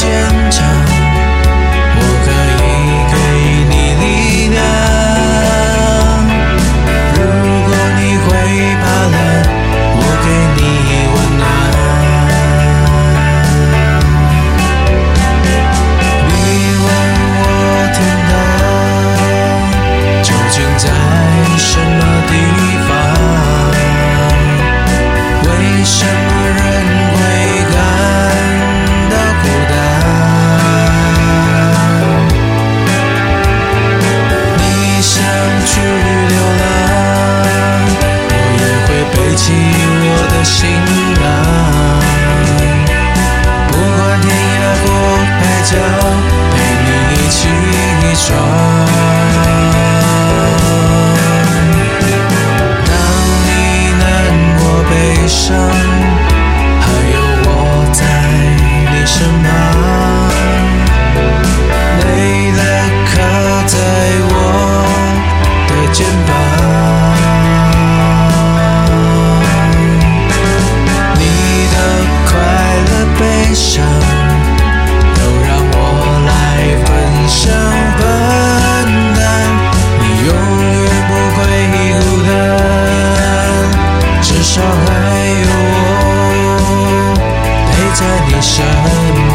堅強。至少還有我陪在你身邊。